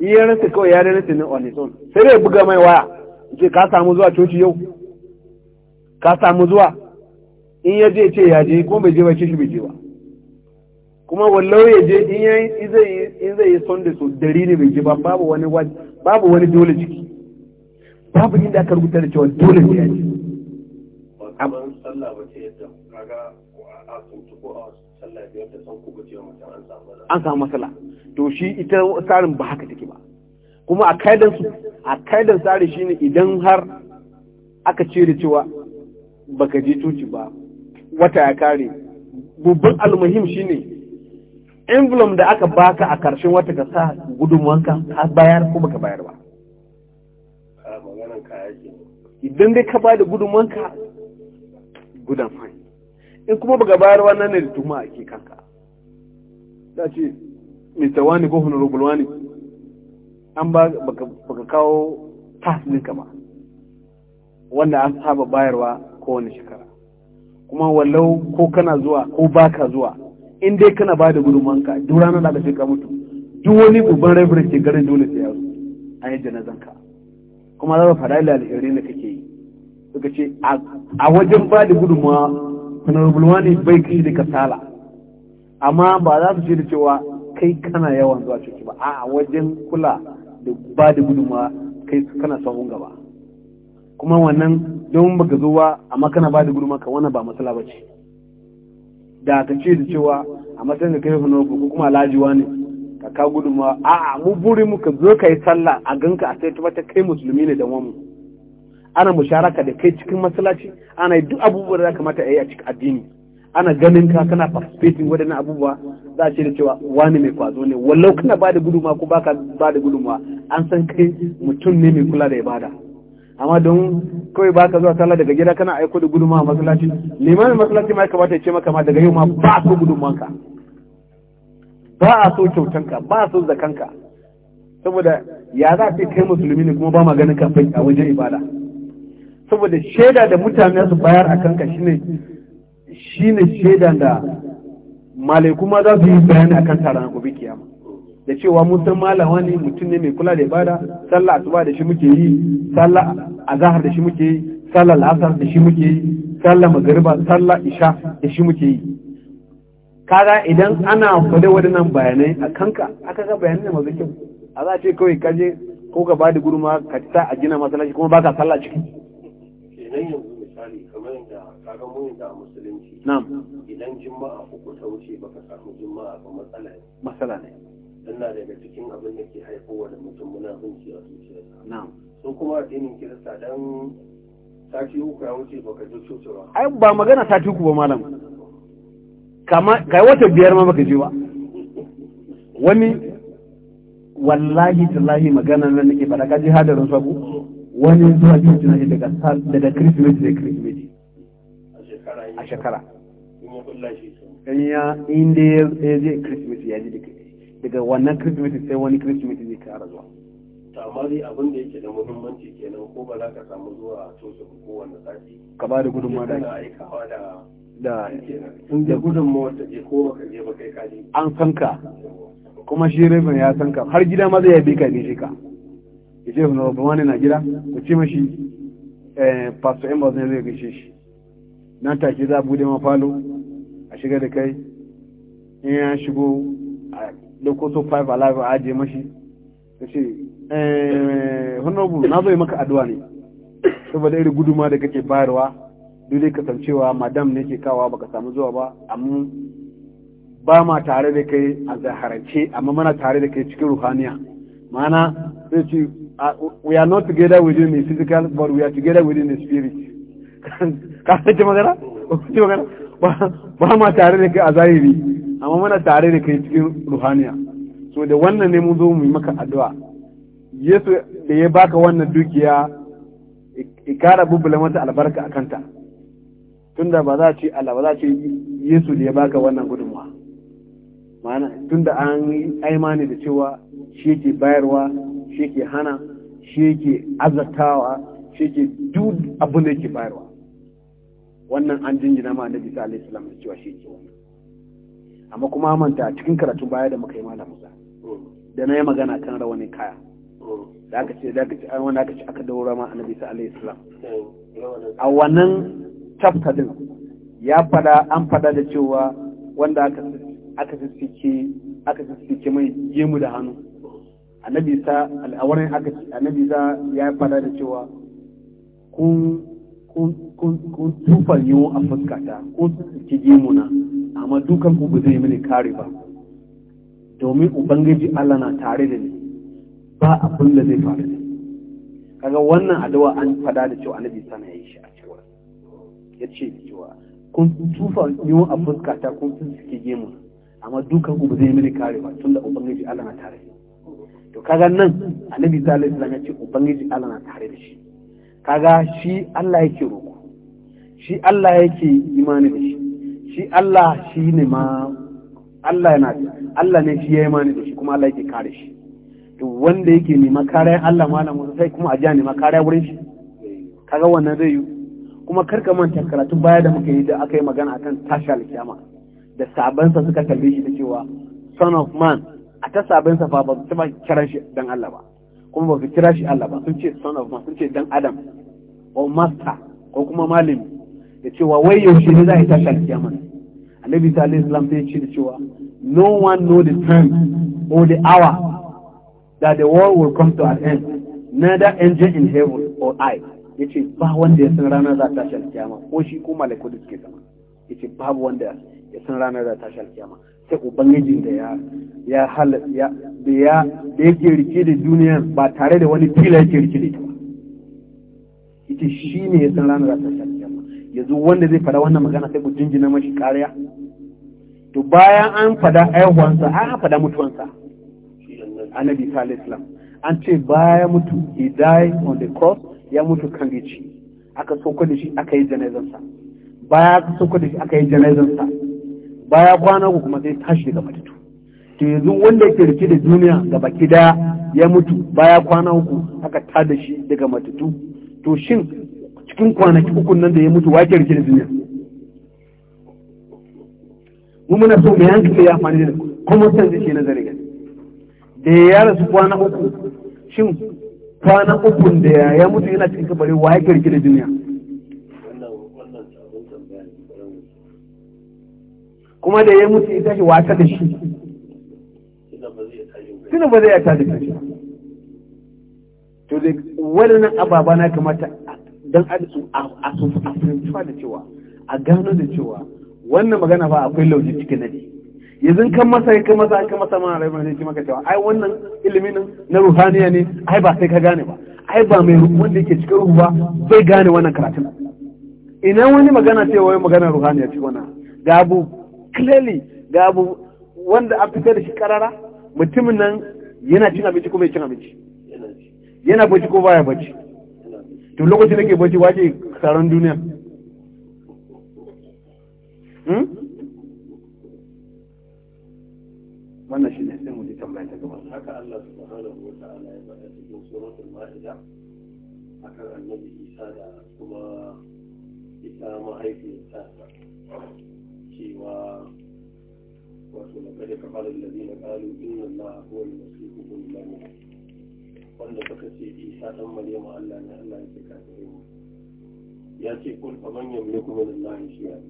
iya rasa kawai ya rasa ne on his own sai dai buga mai waya ce ka samu zuwa coci yau ka samu zuwa in ya je ce ya je kuma bai je ba ce shi bai je ba kuma wallau ya je in zai zai yi da so dari ne bai je ba babu wani babu wani dole jiki babu inda aka rubuta da cewa dole ne ya je an samu matsala to shi ita tsarin ba haka take ba kuma a kaidansu a kaidan tsari shine idan har aka ce da cewa baka je coci ba wata ya kare babban almuhim shine envelope da aka baka a karshen wata ka sa gudunmuwanka ka bayar ko baka bayar ba idan dai ka bada gudunmuwanka gudan fine in kuma baka bayar wannan ne da tuma ake kanka da ce mai wani ko honorable wani an ba baka kawo tasirin kama wanda an saba bayarwa kowane shekara kuma wallau ko kana zuwa ko baka zuwa in dai kana ba da gudunmanka duk ranar da aka ce ka mutu duk wani uban reverend ke garin dole sai yaro an yi zanka kuma za ka faɗa ila alherin da kake yi suka ce a wajen ba da gudunmawa honorable wani bai kashi da kasala amma ba za su ce da cewa kai kana yawan zuwa coci ba a wajen kula da ba da guduma kai kana sahun gaba kuma wannan don baka zo ba amma kana ba da guduma ka wannan ba matsala ba ce da ka ce da cewa a matsayin da kai fana ko kuma alajiwa ne ka ka guduma a a mu buri mu ka zo ka yi sallah a ganka a sai ta kai musulmi ne da wamu ana musharaka da kai cikin masallaci ana yi duk abubuwan da ya kamata a yi a cikin addini ana ganin ka kana participating waɗannan abubuwa za a ce da cewa wani mai kwazo ne wallau kana ba da gudunma ko baka ba da gudunmawa an san kai mutum ne mai kula da ibada amma don kawai baka zuwa sallah daga gida kana aiko da a masallaci limamin masallaci ma ya kamata ya ce maka ma daga yau ma ba a so gudunmanka, ba a so kyautanka ba a so zakanka saboda ya za a ce kai musulmi ne kuma ba ma ganin ka a wajen ibada saboda shaida da mutane su bayar a kanka shine Shi ne shaidan da malaiku kuma za su yi bayani akan taron gobe kiyama da cewa mun san malam wani mutum ne mai kula da ibada sallah asuba da shi muke yi sallah Azahar da shi muke yi sallah al'asar da shi muke yi sallah magariba sallah isha da shi muke yi kaga idan ana fada waɗannan bayanai a kanka aka ga bayanai masu kyau a za ce kawai ka je ko ka ba da gurma ka ta a gina masallaci kuma baka sallah ciki idan yanzu misali kamar yadda kaga yi da a na'am idan juma'a uku ta wuce baka samu juma'a ba matsala ne matsala ne yana daga cikin abin da ke haifowa da mutum munafunci a zuciyarsa na'am sun kuma addinin kirista dan sati uku ya wuce baka ji cutarwa ai ba magana sati uku ba malam kama kai wata biyar ma baka je ba wani wallahi tallahi magana nan nake faɗa kaji hadarin sabu wani zuwa cikin daga daga Kirsimeti da Kirsimeti a shekara in ya in ya je christmas ya ji daga wannan christmas sai wani christmas zai kara zuwa amma dai abin da yake da muhimmanci kenan ko ba za ka samu zuwa cocin kowane sati ka ba da gudunmawa da da da gudunmawa da je ko je ba kai an san ka kuma shi rabin ya san ka har gida ma zai yabe ka ne shi ka ya ce na babban wani na gida ku ce mashi eh, pastor ne zai gaishe shi nan take za a bude ma falo a shiga da kai in ya shigo a lokoto 5 alive a ajiye mashi ta ce eh, honorable na zai maka addu'a ne saboda iri guduma da kake bayarwa duk dai kasancewa madam ne ke kawa baka samu zuwa ba amma ba ma tare da kai a zaharance amma mana tare da kai cikin ruhaniya ma'ana zai ce ah, we are not together within the physical but we are together within the spirit ka ce magana ba ba ma tare da kai a zahiri amma mana tare da kai cikin ruhaniya so da wannan ne mun zo mu yi maka addu'a Yesu da ya baka wannan dukiya ikara bubula mata albarka a kanta tunda ba za a ce Allah ba za a ce Yesu da ya baka wannan gudunmuwa ma'ana tunda an yi aimani da cewa shi yake bayarwa shi yake hana shi yake azatawa shi yake duk abin da yake bayarwa wannan an jingina ma annabi isa alaihi salam da cewa shi ke wannan amma kuma manta cikin karatun baya da muka yi malam musa da na yi magana kan rawani kaya da aka ce da aka ce wani aka ce aka daura ma annabi isa alaihi salam a wannan chapter din ya fada an fada da cewa wanda aka aka sissike aka sissike mai gemu da hannu annabi sa al'awarin aka annabi sa ya fada da cewa kun ko tufa yiwu a fuskata ko ki gemuna amma dukan ku zai mini kare ba domin ubangiji Allah na tare da ni ba abin da zai faru da kaga wannan addu'a an fada da cewa annabi sana yayi shi a cewa yace cewa kun tufa yiwu a fuskata kun ki gemuna amma dukan ku zai mini kare ba tunda ubangiji Allah na tare da ni to kaga nan annabi sallallahu alaihi wasallam ya ce ubangiji Allah na tare da shi kaga shi Allah yake roƙo shi Allah yake imani da shi shi Allah shi ne ma Allah yana Allah ne shi ya imani da shi kuma Allah yake kare shi to wanda yake nema kare Allah malam sai kuma a ja nema kare wurin shi kaga wannan zai yi kuma karka manta karatu baya da muka yi da aka yi magana akan tashi alkiyama da sabansa suka kalle shi da cewa son of man a ta sabansa fa ba su taɓa kiran shi dan Allah ba kuma ba su kira shi Allah ba sun ce son of man sun ce dan adam ko master ko kuma malami da cewa wai yaushe ne za a yi tashi alkiyama annabi ta alayhi salam sai ce da cewa no one know the time or the hour that the world will come to an end neither angel in heaven or I ya ce ba wanda ya san ranar za ta tashi alkiyama ko shi ko malaku da suke sama ya ce babu wanda ya san ranar za ta tashi alkiyama ta ubangijin da ya ya ya da ya da yake rike da duniya ba tare da wani fila yake rike da ita ba ita shi ne ya san ranar ta sallama yanzu wanda zai fada wannan magana sai ku jinjina mashi kariya to bayan an fada aihuwansa an fada mutuwansa annabi sallallahu alaihi an ce baya mutu he died on the cross ya mutu kan gici aka sauko da shi aka yi janazansa baya aka sauko da shi aka yi janazansa baya kwana uku kuma sai tashi daga matattu to yanzu wanda yake rike da duniya ga baki da ya mutu baya kwana uku aka tada shi daga matattu to shin cikin kwanaki uku nan da ya mutu wake rike da duniya mu muna so mai hankali ya amfani da san zai shi nazari ga da ya rasu kwana uku shin kwana uku da ya mutu yana cikin kabarin wa ya rike da duniya kuma da ya mutu ita shi wata da shi Suna ba zai ya tada ba. to dai waɗannan ababa na kamata don a fahimtuwa da cewa a gano da cewa wannan magana ba akwai lauje cikin nadi yanzu kan masa kan masa kan masa mana rai mana ji maka cewa ai wannan ilimin na ruhaniya ne ai ba sai ka gane ba ai ba mai wanda yake cikin ruhu ba bai gane wannan karatun ina wani magana cewa wai magana ruhaniya ce wannan ga abu clearly ga abu wanda a fitar da shi karara mutumin nan yana cin abinci kuma ya cin abinci yana bacci ko baya bacci to lokacin da ke bacci waje tsaron duniya hmm? wannan shi ne sai mu ji tambaya ta gaba haka Allah subhanahu wa ta'ala ya faɗa cikin suratul ma'ida akan annabi Isa da kuma ita mahaifiyarsa cewa wato na kada kamar lalazi na ƙalu inna Allah huwa al-masihu ibn wanda suka ce Isa dan Maryam Allah ne Allah ya ce ta yi ya ce kul fa man yamliku ya Allah shay'a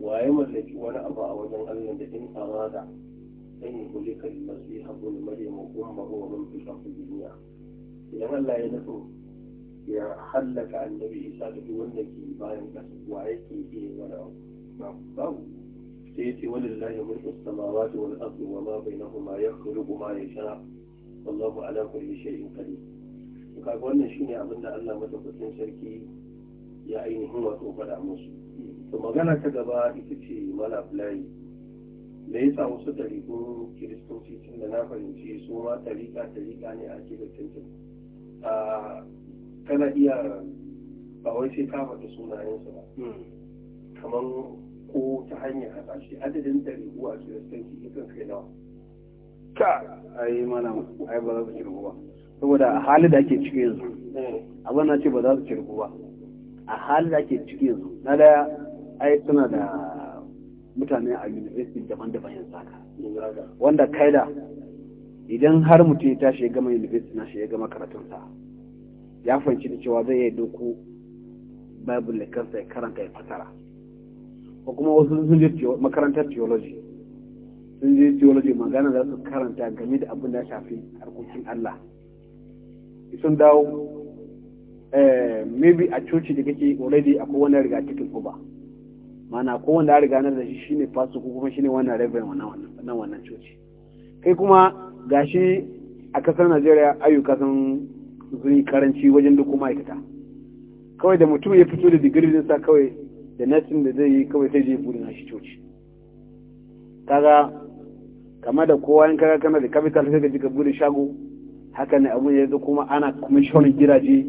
waye mallaki wani abu a wajen Allah da in arada an yulika al-masih ibn kun baro wa man fi al idan Allah ya nufin ya hallaka annabi Isa da duk wanda ke bayan kasa waye ke iya wani abu babu sai ya ce walillahi mulku samawati wal ardi wa ma bainahuma yakhluqu ma yasha wallahu ala kulli shay'in qadir kaga wannan shine abin da Allah madaukakin sarki ya ainihin wato faɗa musu to magana ta gaba ita ce mala layi da ya sa wasu tarikun kiristoci tun da na fahimci su ma tarika tarika ne a kiristoci a kana iya ba wai sai ka faɗi sunayensu ba kamar ko ta hanyar haɗa shi adadin ɗari uwa su da sanki yakan kai nawa ka ai malam ai ba za su kirgu ba saboda a hali da ake ciki yanzu eh. abin na ce ba za su kirgu ba a hali da ake ciki yanzu na da ai suna da mutane a university daban-daban yanzu haka wanda kaida idan har mutum ya tashi ya gama university na shi ya gama karatunsa ya fahimci da cewa zai yi doko bible da kansa ya karanta ya fasara ko kuma wasu sun je makarantar theology sun je theology magana za su karanta game da abin da ya shafi harkokin Allah sun dawo eh, maybe a coci da kake already akwai wani riga cikin ba mana ko wanda riga nan da shi shine pastor ko kuma shine wannan reverend wannan wannan nan wannan coci kai kuma gashi a kasar Najeriya ayyuka sun sun karanci wajen duk aikata kawai da mutum ya fito da digiri din sa kawai da nasin da zai yi kawai sai zai buɗe nashi coci kaga kama da kowa in kaga kana da capital sai ka ji ka buɗe shago haka ne abun yanzu kuma ana commission gidaje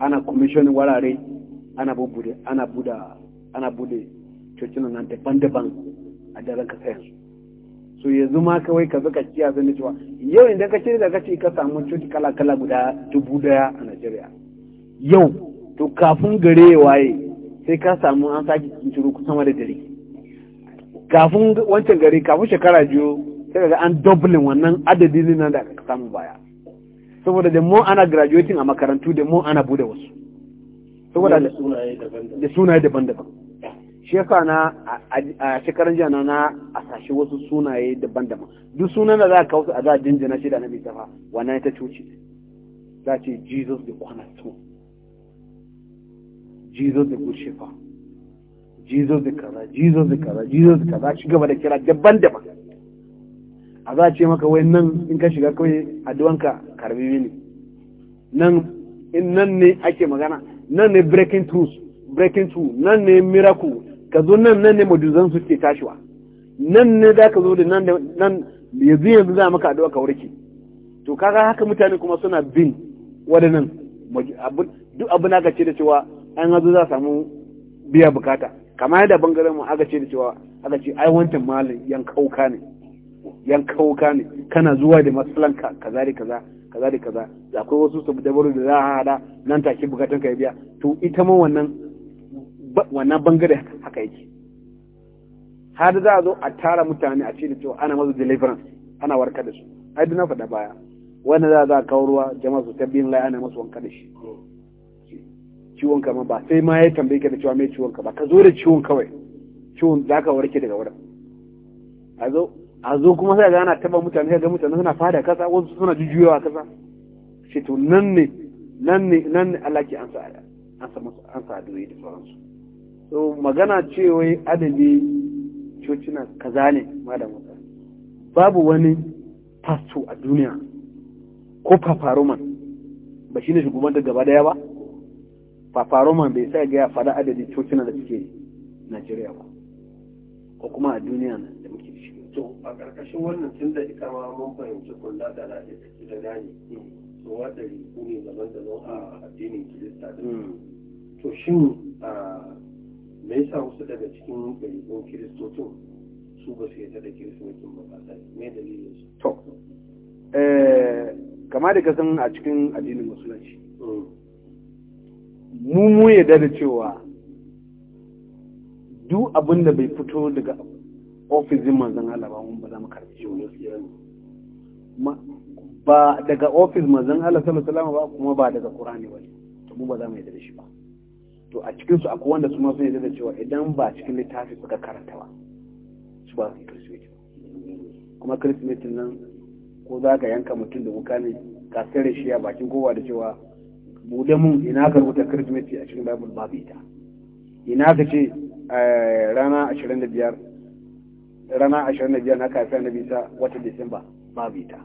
ana commission warare ana buɗe ana buɗe ana buɗe cocinan nan daban-daban a daren ka yanzu so yanzu ma kawai ka zaka kiya zan da cewa yau idan ka ce da ka ce ka samu coci kala-kala guda dubu daya a Najeriya yau to kafin gare waye sai ka samu an sake cinciro sama da dare kafin wancan gari kafin shekara biyu sai ga an dublin wannan adadin nan da aka samu baya saboda da mu ana graduating a makarantu da mu ana bude wasu saboda da sunaye daban-daban shi yasa na a shekaran jiya na a sashi wasu sunaye daban-daban duk sunan da za ka kawo a za a jinjina shi da na mai tafa wannan ta cuci za ce jesus the cornerstone jesus the good shepherd jesus the kaza jesus the kaza jesus the kaza shiga ba da kira daban-daban a za a ce maka wai nan in ka shiga kawai addu'anka karbi ne nan in nan ne ake magana nan ne breaking truth breaking truth, nan ne miracle ka zo nan nan ne su ke tashiwa nan ne za ka zo da nan nan yanzu yanzu za maka addu'a ka warke to kaga haka mutane kuma suna bin waɗannan duk abin aka ce da cewa an hazo za samu biya bukata kama yadda bangaren mu aka ce da cewa aka ce ai wancan malin yan kauka ne yan kauka ne kana zuwa da matsalanka kaza da kaza kaza da kaza da akwai wasu su da za a hada nan take bukatun ka ya biya to ita ma wannan wannan bangare haka yake har za a zo a tara mutane a ce da cewa ana masu deliverance ana warkar da su ai na faɗa baya wanda za a kawo ruwa jama'a su tabbin lai ana masu wanka da shi ciwon ka ma ba sai ma ya tambaye ka da cewa mai ciwon ka ba ka zo da ciwon kawai ciwon za ka warke daga wurin a zo a zo kuma sai ga ana taba mutane ga mutane suna fada kasa wasu suna jujjuyawa kasa shi to nan ne nan ne nan ne Allah ke ansa ansa masa ansa doye da sauransu so magana cewa adabi cocina kaza ne malam babu wani pasto a duniya ko paparoman. ba shine shugaban da gaba daya ba roma bai sai ga ya faɗa adadin cocina da suke najeriya ba ko kuma a duniya nan da muke shi to a ƙarƙashin wannan tun da ikama mun fahimci kula da lafiya take da gani hmm. to wata riku ne da daban a hmm. addinin kirista hmm. to shin me yasa wasu daga cikin ɗariƙun kiristocin su ba su yarda da kiristocin ba ba me dalilin su to eh, kama da kasan a cikin addinin musulunci mu mu yadda da cewa duk abin da bai fito daga ofisin manzan Allah ba mun ba za mu karbi shi ba daga ofis manzan Allah sallallahu alaihi ba kuma ba daga Qur'ani ba to mu ba za mu yadda da shi ba to a cikin su akwai wanda su ma sun yadda da cewa idan ba cikin littafi suka karanta ba su ba su kirsimeti kuma kirsimetin nan ko za ka yanka mutum da wuka ne ka sare shi a bakin kowa da cewa bude mun ina ka rubuta kirsimeti a cikin babul babu ita ina ka ce eh, rana 25 rana 25 na kafin annabi sa wata disamba babu ita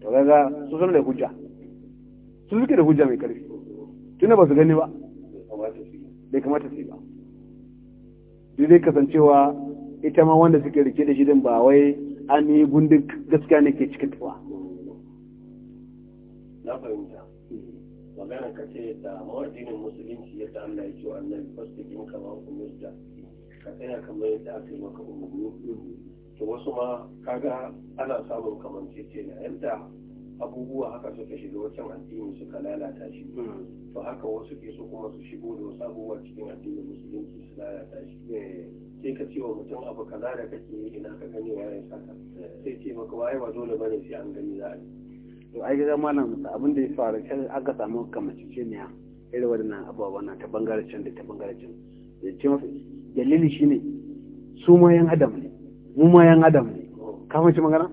to kaga su sun da hujja su suke da hujja mai karfi tunda ba su gani ba bai kamata su yi ba duk dai kasancewa ita ma wanda suke rike da shirin ba wai an yi gunduk gaskiya ne ke cikin tuwa? na fahimta magana ka ce da mawaddinin musulunci yadda Allah ya ce wa annabi fasikin kama umirta ka tsaya kamar yadda aka yi maka umarni to wasu ma kaga ana samun na yadda abubuwa haka suka shiga wancan addini suka lalata shi to haka wasu ke so kuma su shigo da wasu abubuwa cikin addinin musulunci su lalata shi sai ka ce wa mutum abu kaza da kake yi ina ka gani wa ya sai ce maka waye ba dole bane sai an gani za a yi to ai ga malam abin da ya faru kan aka samu kamaciciniya irin waɗannan abubuwa na ta bangaren can da ta bangaren can da ce masa dalili shine su ma yan adam ne mu ma yan adam ne kamaci magana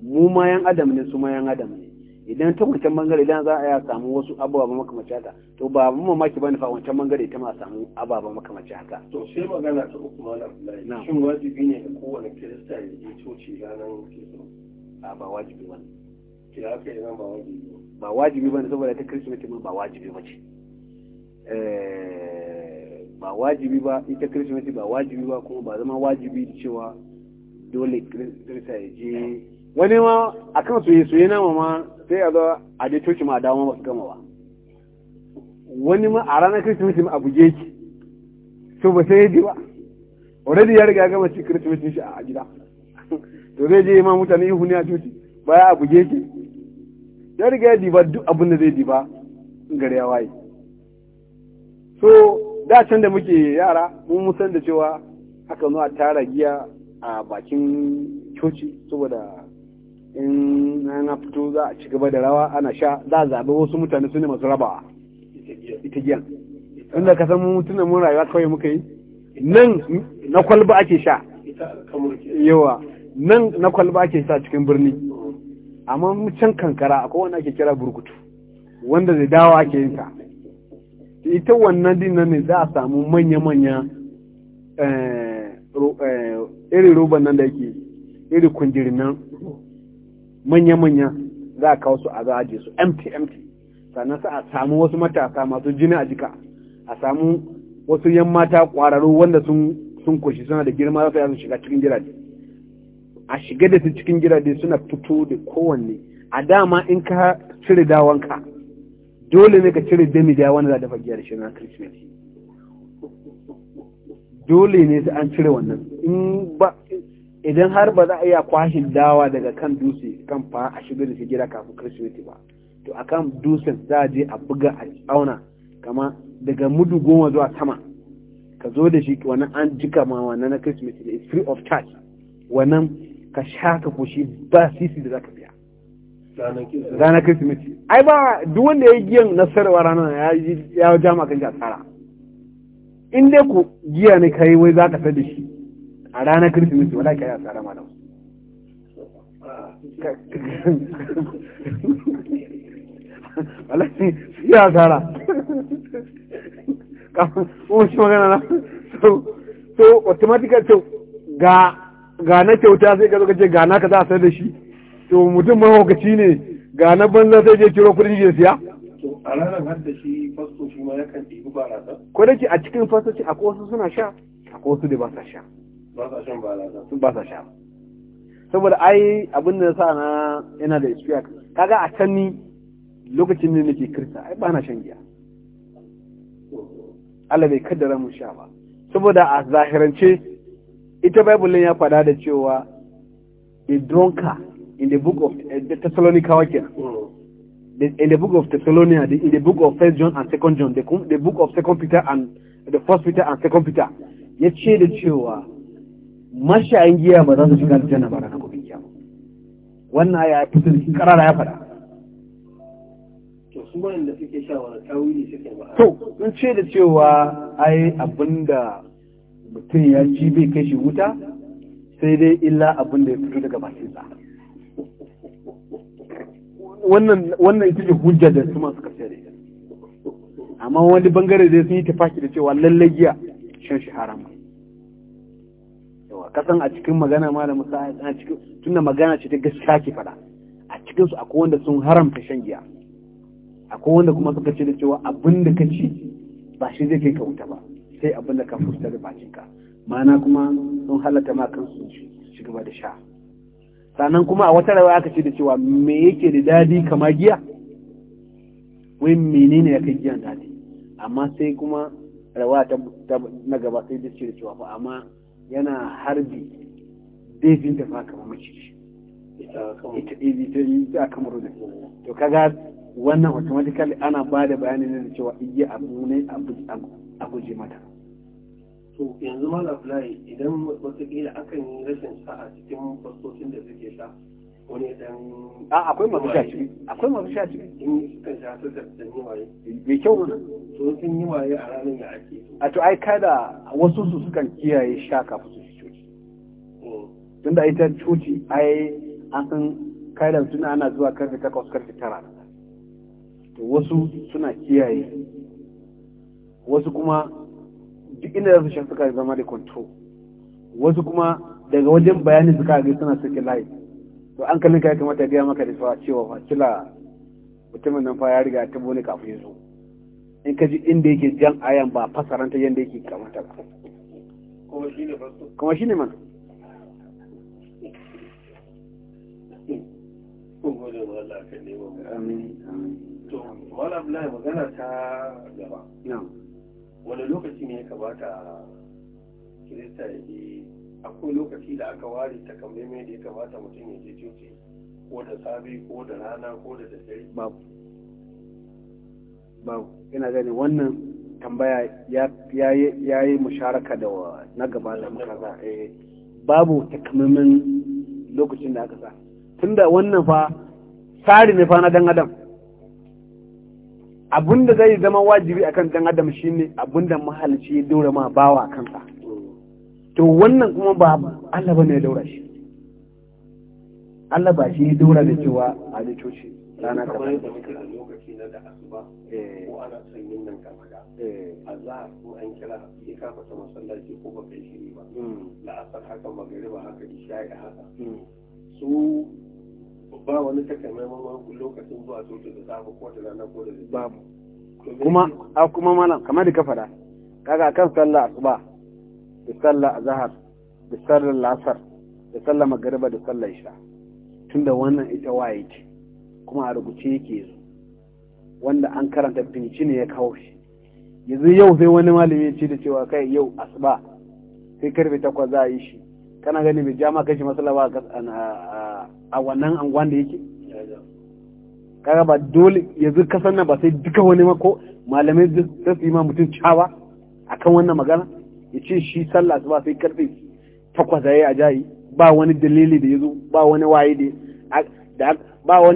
mu ma yan adam ne su ma yan adam ne idan ta wancan bangare idan za a ya samu wasu ababa makamaci haka to ba mu mamaki bane fa wancan bangare ta ma samu ababa makamaci haka to sai magana ta uku malam Abdullahi shin wajibi ne ga kowane kirista ya je coci ranar kirsimeti a ba wajibi wani. ba wajibi ba saboda ta kirsimeti ba wajibi ba ce eh, ba wajibi ba ita kirsimeti ba wajibi ba kuma ba zama wajibi da cewa dole kirista ya je wani ma a kan soye soye na ma sai a zo a je coci ma a dawo ma ba su gama ba wani ma a ranar kirsimeti ma a buge ki to ba sai ya je ba already ya riga gama ci kirsimeti shi a gida to zai je ma mutane a coci baya a buge ki ya riga ya diba duk abin da zai diba gari ya waye so da can da muke yara mun musan da cewa aka zuwa tara giya a bakin coci saboda in na fito za a ci gaba da rawa ana sha za a zaɓi wasu mutane su ne masu rabawa ita giya inda ka san mutunan mun rayuwa kawai muka yi nan na kwalba ake sha yawa nan na kwalba ake sha cikin birni amma can kankara akwai wanda ake kira burkutu wanda zai dawa ake yin ta ita wannan din nan ne za a samu manya-manya eh, eh, iri roban nan da yake iri kundirin nan manya-manya za a kawo su a za a je su empty-empty sannan sa a samu wasu matasa masu jini a jika a samu wasu yan mata kwararru wanda sun kushi suna da girma za su shiga cikin jirage a shiga da su cikin gidaje suna fito da kowanne a dama in ka cire dawanka dole ne ka cire dami da wanda za dafa giya da shi na christmas dole ne sai an cire wannan in ba idan har ba za a iya kwashin dawa daga kan dutse kan fa a shiga da su gida kafin christmas ba to a kan dutsen za a je a buga a tsauna kama daga mudu goma zuwa sama ka zo da shi wannan an jika ma wannan na christmas da is free of charge wannan ka sha ka koshi ba sisi da za ka biya ranar kirsimeti ai ba duk wanda ya yi giyan nasarwa ranar ya yi jama kan asara in dai ku giya ne kai wai za ka sa da shi a ranar kirsimeti wala ka yi asara malam wala shi ya asara kafin shi magana na so automatically so ga ga kyauta sai ka zo ka ce gana ka za a sayar da shi to mutum mahaukaci ne gana banza sai je kiro kudin je siya a ranar har da shi fasto shi ma yakan ɗibi barasa ko da ke a cikin fasoci a wasu suna sha a wasu da ba sa sha ba sa shan barasa ba sa sha saboda ai abin da sa na yana da experience kaga a can ni lokacin ne nake kirsa ai ba na shan giya Allah bai kaddara mu sha ba saboda a zahirance ita bible ya faɗa da cewa a drunkard in the book of eh, the Thessalonica kenan in the book of Thessalonica, in the book of First John and Second John, the, the book of Second Peter and the First Peter and Second Peter, ya ce da cewa mashayin giya ba za su shiga aljanna ba ranar gobe kiyama. Wannan aya ya fito da karara ya faɗa. To su wanda suke sha tawili suke ba. To in ce da cewa ai abinda mutum ya ci bai kai shi wuta sai dai illa abin da ya fito daga bakinsa wannan ita ce hujja da su masu karshe da amma wani bangare zai sun yi tafaki da cewa lallai giya shan shi haram kasan a cikin magana ma da musa a cikin tunda magana ce ta gaskiya ke fada a cikin su akwai wanda sun haramta shan giya akwai wanda kuma suka ce da cewa abin da ka ci ba shi zai kai ka wuta ba sai abin da ka fusta da bakinka ma'ana kuma sun halatta ma kansu su gaba da sha sannan kuma a wata rawa aka ce da cewa me yake da dadi kama giya wai menene ya kai giyan dadi amma sai kuma rawa ta na gaba sai da ce da cewa fa amma yana harbi daifin da fa kama mace ita a kamar da to kaga wannan automatically ana ba da bayanin da cewa iya abu ne a guji mata to yanzu mala fly idan watakila akan yi rashin sa'a cikin fastocin da suke sha wani dan a akwai masu sha ciki akwai masu sha ciki in sukan sha su da dan yiwaye mai kyau ne to sun yiwaye a ranar da ake a to ai kada wasu su sukan kiyaye sha kafin su shi coci eh. da ita coci ai an san kaidan suna ana zuwa karfe takwas karfe tara to wasu suna kiyaye wasu kuma duk inda za su shan suka zama da control wasu kuma daga wajen bayanin suka ga suna suke layi to an kallon kai kamata ga maka da cewa cewa fa kila mutumin nan fa ya riga ta bone kafin ya zo in ka ji inda yake jan ayan ba fasaranta yanda yake kamata ba kuma shine man Amin. To, Malam magana ta gaba. wani lokaci ne ya kamata kirista ya je akwai lokaci da aka ware ta kamar mai da ya kamata mutum ya je coci ko da safe ko da rana ko da daddare babu babu ina gani wannan tambaya ya yi musharaka da na gaba da muka eh, babu takamaiman lokacin da aka sa tunda wannan fa tsari ne fa na dan adam da zai zama wajibi akan dan adam shine da mahalci ya daura ma bawa kansa to wannan kuma ba Allah bane ya daura shi Allah ba shi ya daura da cewa a da coci rana ta ko masallaci ko ba ba hmm. haka hmm. su ba wani takamaiman lokacin zuwa soke da safe ko da nan ko da babu kuma a kuma mana kamar da ka faɗa kaga kan sallah asuba da sallah azhar da sallah lasar da sallah magariba da sallah isha tunda wannan ita waye ce kuma a rubuce yake yanzu wanda an karanta binci ne ya kawo shi yanzu yau sai wani malami ce da cewa kai yau asuba sai karfe takwas za a yi shi kana gani bai ja ma shi masala ba a a wannan anguwan da yake kaga ba dole yanzu ka sanna ba sai duka wani mako malamai sai su yi ma mutum cawa akan wannan magana ya ce shi sallah su ba sai karfe takwas a jayi ba wani dalili da yazo ba wani waye da ba